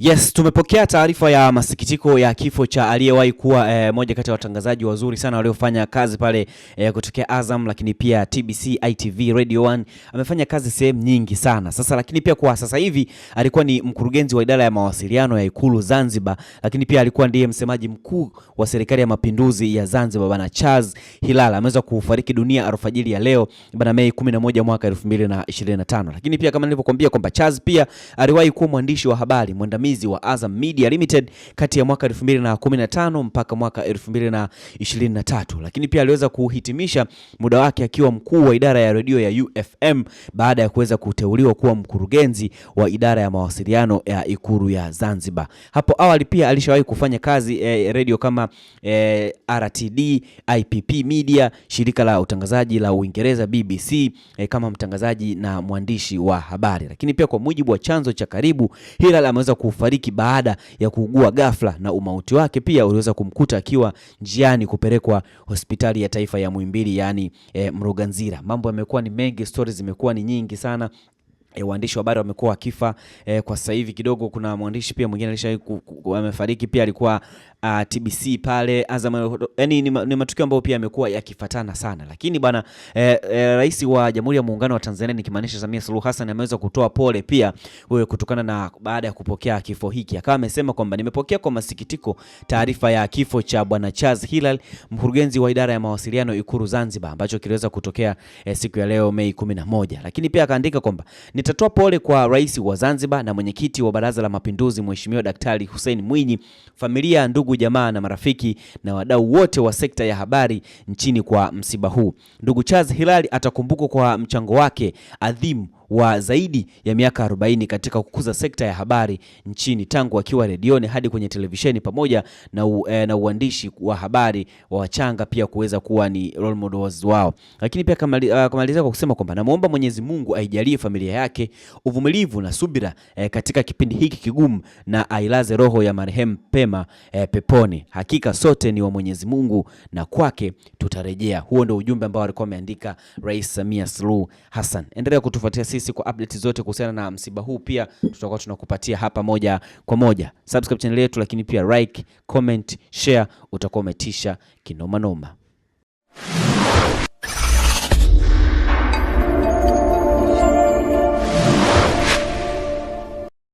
Yes, tumepokea taarifa ya masikitiko ya kifo cha aliyewahi kuwa eh, moja kati ya watangazaji wazuri sana waliofanya kazi pale eh, kutokea Azam, lakini pia TBC, ITV, Radio 1 amefanya kazi sehemu nyingi sana sasa, lakini pia kwa sasa hivi alikuwa ni mkurugenzi wa idara ya mawasiliano ya Ikulu Zanzibar, lakini pia alikuwa ndiye msemaji mkuu wa serikali ya mapinduzi ya Zanzibar, bwana Charles Hilala ameweza kufariki dunia alfajiri ya leo bwana Mei 11 mwaka 2025. Lakini pia kama nilivyokuambia kwamba Charles pia aliwahi kuwa mwandishi wa habari mwandamizi msimamizi wa Azam Media Limited kati ya mwaka 2015 mpaka mwaka 2023, lakini pia aliweza kuhitimisha muda wake akiwa mkuu wa idara ya redio ya UFM baada ya kuweza kuteuliwa kuwa mkurugenzi wa idara ya mawasiliano ya Ikulu ya Zanzibar. Hapo awali pia alishawahi kufanya kazi eh, redio kama eh, RTD, IPP Media, shirika la utangazaji la Uingereza BBC eh, kama mtangazaji na mwandishi wa habari, lakini pia kwa mujibu wa chanzo cha karibu Hilal ameweza kufariki baada ya kuugua ghafla na umauti wake pia uliweza kumkuta akiwa njiani kupelekwa hospitali ya taifa ya Muhimbili, yaani e, eh, Mloganzila. Mambo yamekuwa ni mengi, stori zimekuwa ni nyingi sana e, waandishi wa habari wamekuwa wakifa e, kwa sasa hivi kidogo. Kuna mwandishi pia mwingine alishawahi amefariki pia, alikuwa uh, ah, TBC pale Azam, yani ni, ni matukio ambayo pia yamekuwa yakifatana sana, lakini bwana e, e, Rais wa Jamhuri ya Muungano wa Tanzania nikimaanisha Samia Suluhu Hassan ameweza kutoa pole pia wewe kutokana na baada ya kupokea kifo hiki, akawa amesema kwamba nimepokea kwa masikitiko taarifa ya kifo cha bwana Charles Hilal, mkurugenzi wa idara ya mawasiliano Ikulu Zanzibar, ambacho kiliweza kutokea e, siku ya leo Mei 11, lakini pia akaandika kwamba Nitatoa pole kwa Rais wa Zanzibar na mwenyekiti wa Baraza la Mapinduzi Mheshimiwa Daktari Hussein Mwinyi, familia, ndugu, jamaa na marafiki na wadau wote wa sekta ya habari nchini kwa msiba huu. Ndugu Charles Hilary atakumbukwa kwa mchango wake adhimu wa zaidi ya miaka 40 katika kukuza sekta ya habari nchini tangu akiwa redioni hadi kwenye televisheni pamoja na, u, e, na uandishi wa habari wa wachanga pia kuweza kuwa ni role models wao. Lakini pia ah, kamalizia kamali kwa kusema kwamba namuomba Mwenyezi Mungu aijalie familia yake uvumilivu na subira e, katika kipindi hiki kigumu na ailaze roho ya marehemu pema e, peponi. Hakika sote ni wa Mwenyezi Mungu na kwake tutarejea. Huo ndio ujumbe ambao alikuwa ameandika Rais Samia Suluhu Hassan. Endelea kutufuatia sisi sisi kwa update zote kuhusiana na msiba huu, pia tutakuwa tunakupatia hapa moja kwa moja. Subscribe channel yetu, lakini pia like, comment, share, utakuwa umetisha kinoma noma.